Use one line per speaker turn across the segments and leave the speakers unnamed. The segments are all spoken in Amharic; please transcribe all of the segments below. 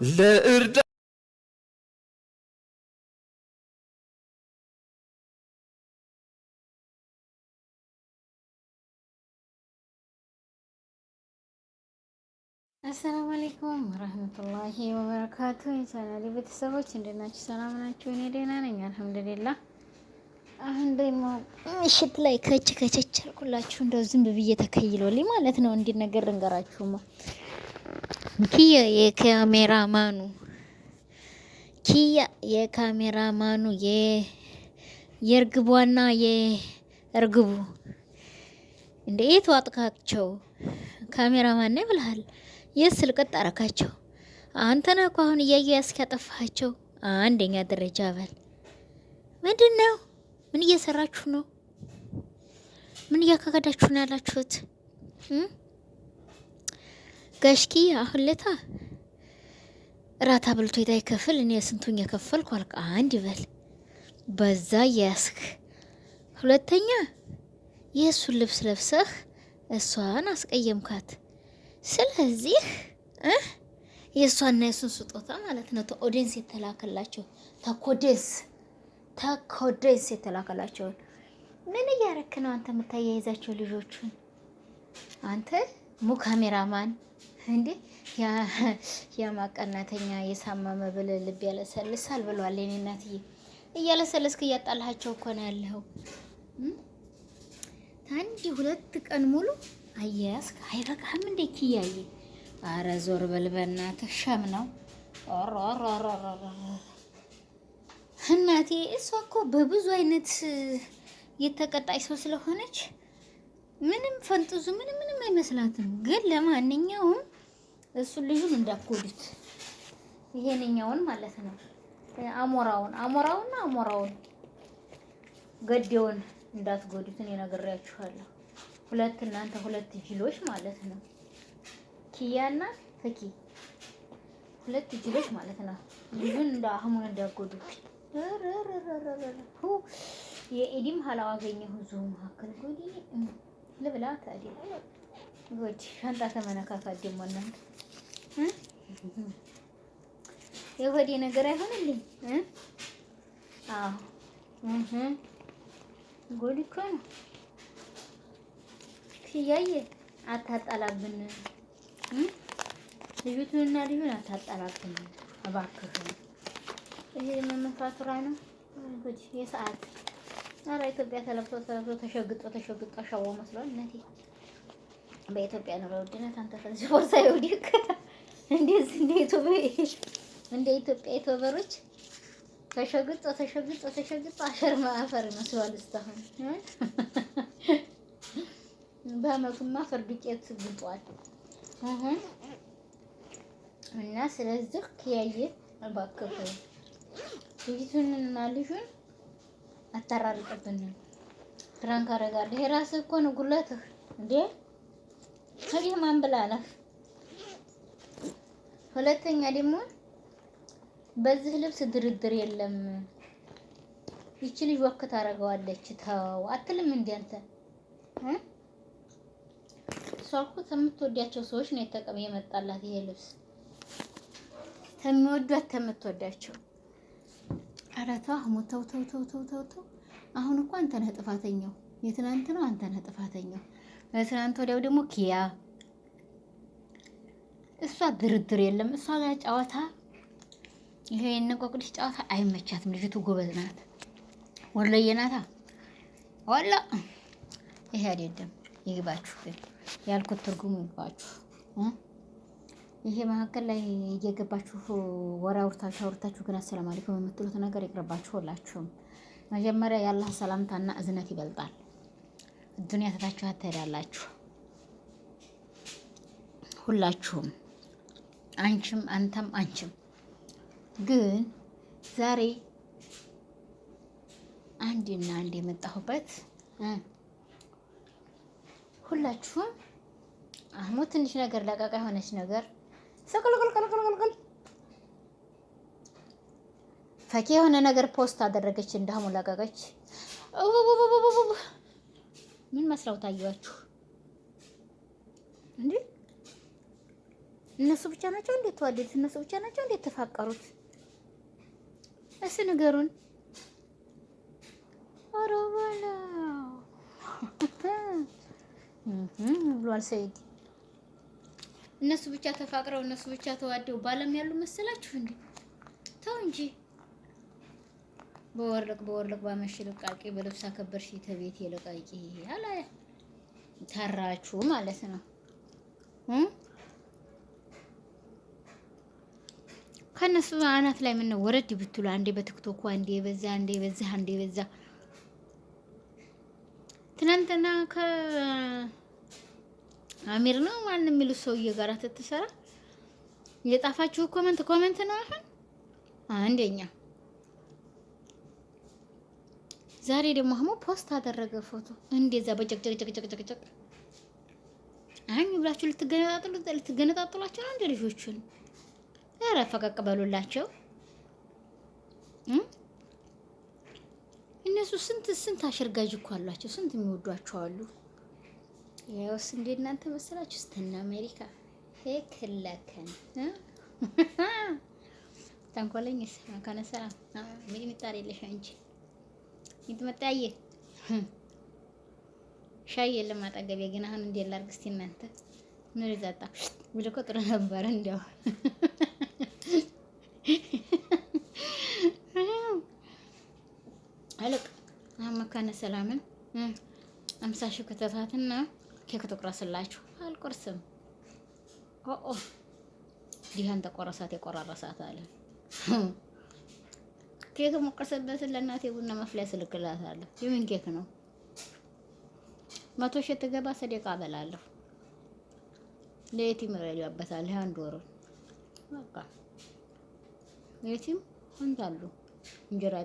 ለእርዳ
አሰላሙ አለይኩም ወረህመቱላሂ ወበረካቱ። የቻናሌ ቤተሰቦች እንዴት ናችሁ? ሰላም ናችሁ? እኔ ደህና ነኝ አልሐምዱሊላህ። አሁን ደግሞ ምሽት ላይ ከች ከቸች አልኩላችሁ እንደው ዝም ብዬ ተከይሎልኝ ማለት ነው። እንዲነገር ነገር እንገራችሁማ ኪያ የካሜራማኑ ኪያ የካሜራማኑ የእርግቧና የእርግቡ እንደ የት ዋጥካቸው? ካሜራማን ነው ብልሃል። የት ስልቅጥ አረካቸው? አንተና እኮ አሁን እያየ ያስኪያጠፋቸው አንደኛ ደረጃ አባል ምንድን ነው? ምን እየሰራችሁ ነው? ምን እያካከዳችሁ ነው ያላችሁት? ጋሽኪ አሁለታ ለታ እራት አብልቶ የታይ ክፍል እኔ ስንቱኝ የከፈልኩ አልክ። አንድ ይበል በዛ ያስክ። ሁለተኛ የእሱን ልብስ ለብሰህ እሷን አስቀየምካት። ስለዚህ የእሷና የእሱን ስጦታ ማለት ነው ተኦዴንስ የተላከላቸው ተኮዴንስ ተኮዴንስ የተላከላቸውን ምን እያረክ ነው አንተ የምታያይዛቸው ልጆቹን አንተ ሙ ካሜራማን እንዴ የማቀናተኛ የሳመመ ብል ልብ ያለሰልሳል ብሏል። የኔ እናትዬ እያለሰለስክ እያጣልሃቸው እኮ ነው ያለኸው። አንድ ሁለት ቀን ሙሉ አያያዝክ አይበቃህም እንዴ? ኪያዬ አረ ዞር በል በእናትህ ሸም ነው። እናቴ እሷ እኮ በብዙ አይነት የተቀጣይ ሰው ስለሆነች ምንም ፈንጥዙ ምንም ምንም አይመስላትም። ግን ለማንኛውም እሱን ልጁን እንዳትጎዱት ይሄንኛውን ማለት ነው። አሞራውን አሞራውን አሞራውን ገዴውን እንዳትጎዱት እኔ ነግሬያችኋለሁ። ሁለት እናንተ ሁለት ጅሎች ማለት ነው። ኪያና ፈኪ ሁለት ጅሎች ማለት ነው። ልጁን እንደ አህሙን እንዳትጎዱት። የኢዲም ሀላው አገኘሁ እዚሁ መካከል ጎዴ ልብላ ታዲያ ወዲ ሻንጣ ተመነካካት ደግሞ እናንተ የሆዴ ነገር አይሆንልኝ እ እኮ ነው። ክያየ አታጣላብን እ ልዩቱንና ልዩን አታጣላብን እባክህ። ይሄ መመፋቱራ ነው ጉድ የሰዓት ኧረ ኢትዮጵያ ተለብሶ ተለብሶ ተሸግጦ ተሸግጦ ሸዋ መስሏል። እናቴ በኢትዮጵያ ኑሮ ውድነት አንተ ፈንጂ ቦርሳ ይውዲክ እንዴት እንዴት እንደ ኢትዮጵያ ኢትዮበሮች ተሸግጦ ተሸግጦ ተሸግጦ አሸር ማፈር መስሏል። እስካሁን በአመቱማ አፈር ዱቄት ግጧል። አሁን እና ስለዚህ ያየ እባክህ ልጅቱንና ልጁን አታራርቅብንም። ፕራንክ አደርጋለሁ። የራስህ እኮ ነው ጉለትህ እንዴ ከዚህ ማን ብላ ሁለተኛ ደግሞ በዚህ ልብስ ድርድር የለም። ይቺ ልጅ ወክ ታደርገዋለች። ተው አትልም እንዴ አንተ እ እሷ እኮ ከምትወዳቸው ሰዎች ነው የመጣላት ይሄ ልብስ ከሚወዷት ከምትወዳቸው ኧረ ተው አህሙ ተው ተው ተው ተው ተው አሁን እኮ አንተ ነህ ጥፋተኛው። የትናንት ነው አንተ ነህ ጥፋተኛው። ትናንት ወዲያው ደግሞ ኪያ እሷ ድርድር የለም እሷ ጋር ጨዋታ ይሄ የነቆቅልሽ ጨዋታ አይመቻትም። ልጅቱ ጎበዝ ናት፣ ወሎዬ ናታ። ወላ ይሄ አይደለም ይግባችሁ፣ ግን ያልኩት ትርጉሙ ይግባችሁ። ይሄ መካከል ላይ እየገባችሁ ወሬ ውርታችሁ አውርታችሁ ግን አሰላም አለይኩም የምትሉት ነገር ይቅርባችሁ። ሁላችሁም መጀመሪያ የአላህ ሰላምታና እዝነት ይበልጣል። ዱንያ ትታችሁ አትሄዳላችሁ። ሁላችሁም አንቺም፣ አንተም፣ አንቺም ግን ዛሬ አንድና አንድ የመጣሁበት ሁላችሁም አህሙ ትንሽ ነገር ለቃቃ የሆነች ነገር ስቅልቅልቅልቅልቅል ፈኪ የሆነ ነገር ፖስት አደረገች፣ እንዳሁሙ ለቀቀች። ምን መስራው ታያችሁ እንዴ? እነሱ ብቻ ናቸው እንዴት ተዋደዱት? እነሱ ብቻ ናቸው እንዴት ተፋቀሩት? እስ ንገሩን። ኧረ በለው ብሏል ሰይድ እነሱ ብቻ ተፋቅረው እነሱ ብቻ ተዋደው ባለም ያሉ መሰላችሁ እንዴ? ተው እንጂ። በወርልቅ በወርልቅ ባመሽ ልቃቂ በልብስ አከበርሽ ተቤት የለቃቂ አላ ተራችሁ ማለት ነው። ከነሱ አናት ላይ ምነው ወረድ ብትሉ አንዴ በቲክቶኩ አንዴ በዛ አንዴ በዛ አንዴ በዛ ትናንትና ከ አሚር ነው ማን የሚሉት ሰውዬ ጋር ትትሰራ የጣፋችሁ ኮመንት ኮመንት ነው። አሁን አንደኛ ዛሬ ደግሞ አህሙ ፖስት አደረገ ፎቶ እንደዛ በጨቅጨቅጨቅጨቅጨቅ አሁን ብላችሁ ልትገነጣጥሉ ልትገነጣጥሏቸው ነው እንደ ልጆቹን። ኧረ ፈቀቅ በሉላቸው። እነሱ ስንት ስንት አሸርጋጅ እኮ አሏቸው። ስንት የሚወዷቸው አሉ። ያውስ እንደ እናንተ መሰላችሁ ስተና አሜሪካ ሄክ ለከን ተንኮለኝ ከነ ሰላም ሚጥሚጣ የለሽ አንቺ ሚጥመጣዬ ሻይ የለም አጠገቤ። ግን አሁን እንዴት ላድርግ እስቲ እናንተ ኑሪ ዛጣ ብልኮ ጥሩ ነበረ። እንዲያው አለቅ አሁን መካነ ሰላምን አምሳሽ ሺህ ኬክ ትቁረስላችሁ። አልቁርስም ኦ ይህን ተቆረሳት የቆራረሳት አለ ኬክ የምቆርስበትን ለእናቴ ቡና መፍለያ ስልክላታለሁ። የምን ኬክ ነው? መቶ ሺህ ትገባ ሰደቃ እበላለሁ። ለየቲም ረድ ያበታል። አንድ ወር በቃ የቲም እንታሉ እንጀራ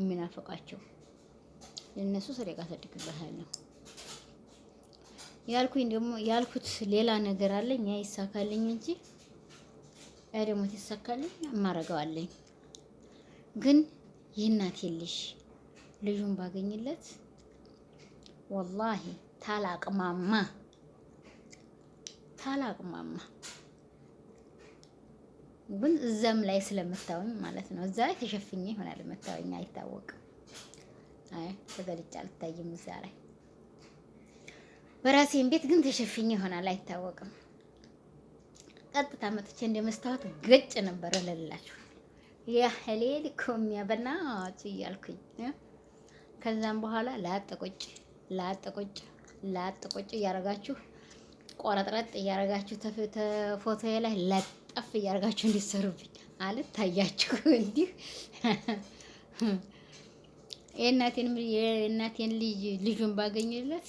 የሚናፍቃቸው ለእነሱ ሰደቃ ሰድግበታለሁ። ያልኩኝ ደግሞ ያልኩት ሌላ ነገር አለኝ። ያ ይሳካልኝ እንጂ ያ ደግሞ ትሳካልኝ አማረገዋለኝ። ግን ይህናት የልሽ ልጁን ባገኝለት ወላሂ ታላቅማማ ታላቅማማ ግን እዛም ላይ ስለምታወኝ ማለት ነው። እዛ ላይ ተሸፍኜ ይሆናል መታወኛ አይታወቅም። አይ ተገልጬ አልታይም እዛ ላይ በራሴን ቤት ግን ተሸፍኝ ይሆናል አይታወቅም። ቀጥታ መጥቼ እንደ መስታወት ገጭ ነበር እልላችሁ ያ ሄሌል ኮሚያ በናት እያልኩኝ ከዛም በኋላ ላጠቆጭ ላጠቆጭ ላጠቆጭ እያረጋችሁ ቆረጥረጥ እያረጋችሁ ተፎቶ ላይ ለጠፍ እያረጋችሁ እንዲሰሩብኝ አልታያችሁ እንዲህ የእናቴን ልጅ ልጁን ባገኝለት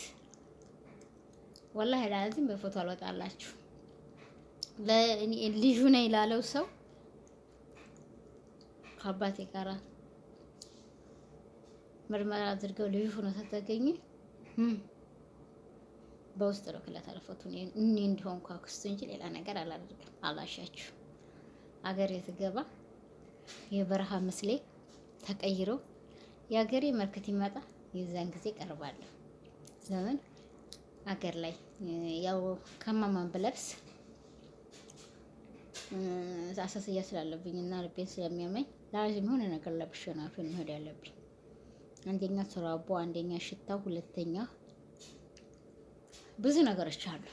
ወላሂ ላዚም በፎቶ አልወጣላችሁ። ልጁ ነኝ ላለው ሰው ከአባቴ ይቀራል። ምርመራ አድርገው ልዩ ሆኖ ተገኘ። በውስጥ ነው ክለት አለፈቱ እኔ እንዲሆን አክስቱ እንጂ ሌላ ነገር አላደርግም። አላሻችሁ አገሬ ትገባ የበረሃ ምስሌ ተቀይሮ የአገሬ መልክት ይመጣ። የዛን ጊዜ ቀርባለሁ። ለምን አገር ላይ ያው ከማማን ብለብስ አሳስያ ስላለብኝ እና ልቤን ስለሚያመኝ ላዚም የሆነ ነገር ለብሼ ነው አፌን መሄድ ያለብኝ። አንደኛ ስራቦ፣ አንደኛ ሽታ፣ ሁለተኛ ብዙ ነገሮች አሉ።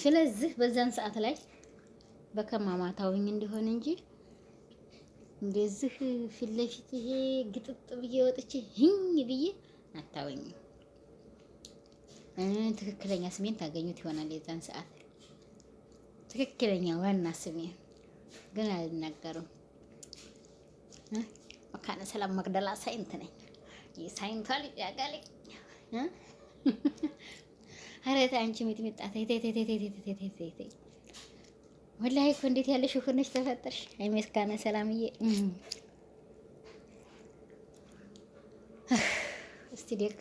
ስለዚህ በዛን ሰዓት ላይ በከማማታዊኝ እንዲሆን እንጂ እንደዚህ ፊት ለፊት ይሄ ግጥጥ ብዬ ወጥቼ ህኝ ብዬ አታወኝም። ትክክለኛ ስሜን ታገኙት ይሆናል። የዛን ሰዓት ትክክለኛ ዋና ስሜን ግን አልናገሩም። መካነ ሰላም መቅደላ ሳይንት ነኝ። ሳይንቷ ልጅ ያጋሌ አረታ አንቺ ሚጥሚጣ ወላሂ እኮ እንዴት ያለሽ ሆነሽ ተፈጠርሽ። አይ ሰላምዬ እስቲ ደግ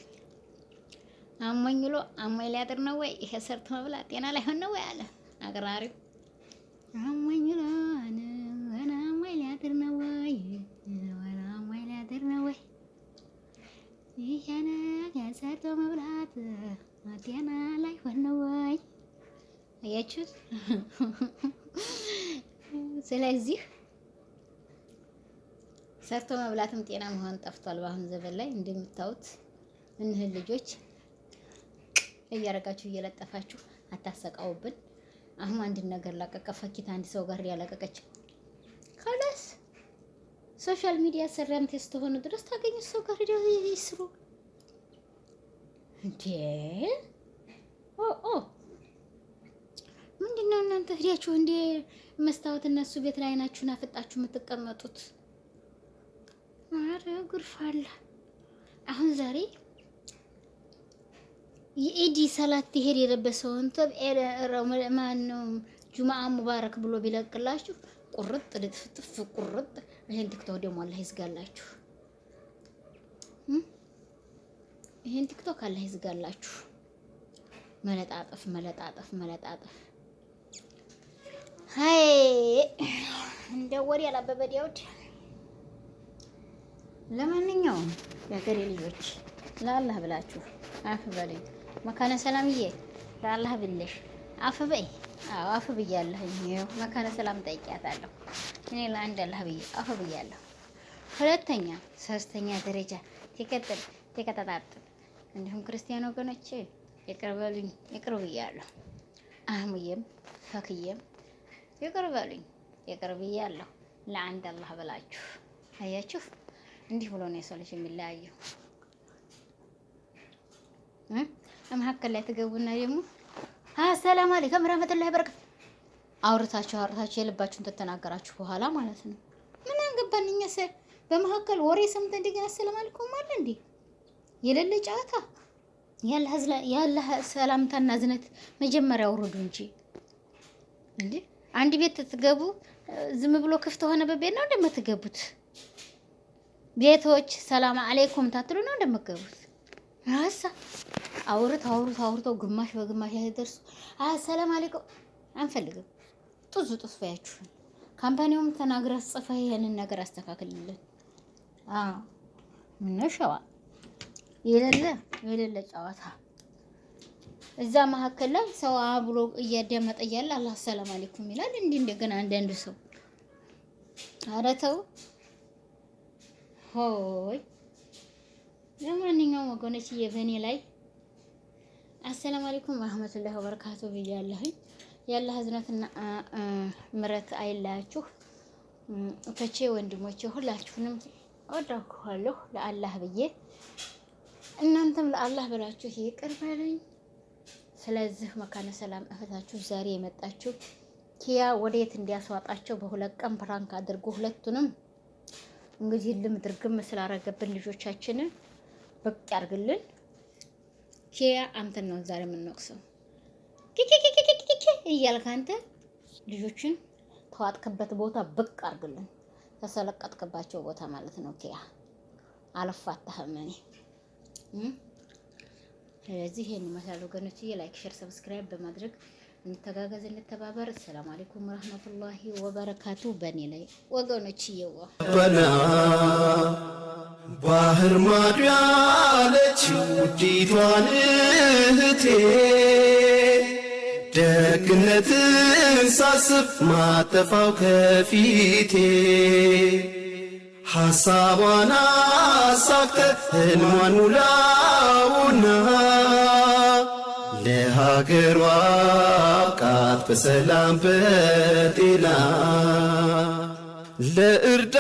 አሞኝ ውሎ አሞኝ ሊያድር ነው ወይ? ይሄ ሰርቶ መብላት ጤና ላይሆን ነው ወይ አለ አቅራሪው። አሞኝ ውሎ ወና አሞኝ ሊያድር ነው ወይ? ወና አሞኝ ሊያድር ነው ወይ? ይሄን ሰርቶ መብላት ጤና ላይሆን ነው ወይ? አያችሁት? ስለዚህ ሰርቶ መብላትም ጤና መሆን ጠፍቷል በአሁን ዘመን ላይ እንደምታዩት እንህን ልጆች እያረጋችሁ እየለጠፋችሁ አታሰቃውብን። አሁን አንድን ነገር ላቀቀ ፈኪት አንድ ሰው ጋር ያለቀቀች ካላስ ሶሻል ሚዲያ ቴስት ስትሆኑ ድረስ ታገኙ ሰው ጋር ይስሩ እንዴ! ኦ ኦ ምንድነው እናንተ ሄዳችሁ እንዴ መስታወት እነሱ ቤት ላይ ናችሁና አፈጣችሁ የምትቀመጡት? አረ ጉርፋላ አሁን ዛሬ የኢዲ ሰላት ትሄድ የለበሰውን ተብ ማን ጁማአ ሙባረክ ብሎ ቢለቅላችሁ ቁርጥ ልጥፍጥፍ ቁርጥ። ይሄን ቲክቶክ ደግሞ አላህ ይዝጋላችሁ። ይሄን ቲክቶክ አላህ ይዝጋላችሁ። መለጣጠፍ መለጣጠፍ መለጣጠፍ ሀይ እንደ ወሬ ያላበበ ዲያውድ። ለማንኛውም የሀገሬ ልጆች ለአላህ ብላችሁ አፍ መካነ ሰላምዬ ለአላህ ብለሽ አፍ አዎ አፍ ብያለሁ። መካነ ሰላም ጠይቂያታለሁ። እኔ ለአንድ አላህ ብዬ አፍ ብያለሁ። ሁለተኛ ሶስተኛ ደረጃ ተከተል ተከታታጥል። እንዲሁም ክርስቲያን ወገኖች ይቅር በሉኝ፣ ይቅር ብያለሁ። አህሙዬም ፈክዬም ይቅር በሉኝ፣ ይቅር ለአንድ አላህ ብላችሁ አያችሁ። እንዲህ ብሎ ነው የሰው ልጅ የሚለያየው። መካከል ላይ ትገቡና ደግሞ አሰላም አለይኩም ረህመቱላሂ በረካቱ አውርታችሁ አውርታችሁ የልባችሁን ተተናገራችሁ በኋላ ማለት ነው። ምን አንገባን እኛ ሰ በመሀከል ወሬ ሰምተን እንደገና አሰላም አለይኩም አለ እንዴ የሌለ ጨዋታ። ያላህ ሰላምታና እዝነት መጀመሪያ አውርዱ እንጂ እንዴ አንድ ቤት ትገቡ ዝም ብሎ ክፍት ሆነ በቤት ነው እንደምትገቡት። ቤቶች ሰላም አለይኩም ታትሉ ነው እንደምትገቡት ራሳ አውርት አውርት አውርተው ግማሽ በግማሽ ያደርሱ። አሰላም አለይኩም አንፈልግም። ጡዝ ጡዝ ፈያችሁን ካምፓኒውም ተናግራ ጽፈ ይሄንን ነገር አስተካክልልን። አዎ ምነሻዋ የሌለ የሌለ ጨዋታ እዛ መሀከል ላይ ሰው አብሎ እያዳመጠ እያለ አላህ ሰላም አለይኩም ይላል። እንዲህ እንደገና አንዳንድ ሰው ኧረ ተው ሆይ። ለማንኛውም ወገኖች የበኔ ላይ አሰላሙ አለይኩም ወራህመቱላሂ ወበረካቱ ብያለሁኝ። ያለ ህዝነትና ምረት አይለያችሁ። እቶቼ ወንድሞቼ፣ ሁላችሁንም ወዳችኋለሁ ለአላህ ብዬ እናንተም ለአላህ ብላችሁ ይቅር በሉኝ። ስለዚህ መካነ ሰላም እህታችሁ ዛሬ የመጣችሁ ኪያ ወደየት እንዲያስዋጣቸው በሁለት ቀን ፕራንክ አድርጎ ሁለቱንም እንግዲህ ልም ድርግም ስላረገብን ልጆቻችንን በቅ ያርግልን። ሄያ አንተን ነው ዛሬ የምንወቅሰው። እያልክ አንተ ልጆችን ተዋጥክበት ቦታ ብቅ አድርግልን፣ ተሰለቀጥክባቸው ቦታ ማለት ነው። ኬያ አልፋታህም እኔ። ስለዚህ ይሄን ይመስላል ወገኖችዬ፣ ላይክ፣ ሼር፣ ሰብስክራይብ በማድረግ እንተጋገዝ፣ እንተባበር። ሰላም አለይኩም ወራህመቱላሂ ወበረካቱ። በእኔ ላይ ወገኖችዬ ባህር ማዶ ያለች ውዲቷን እህቴ ደግነትን ሳስብ ማጠፋው ከፊቴ ሐሳቧን አሳክተ ህልሟን ሙላውና ለሀገሯ አብቃት በሰላም በጤና ለእርዳ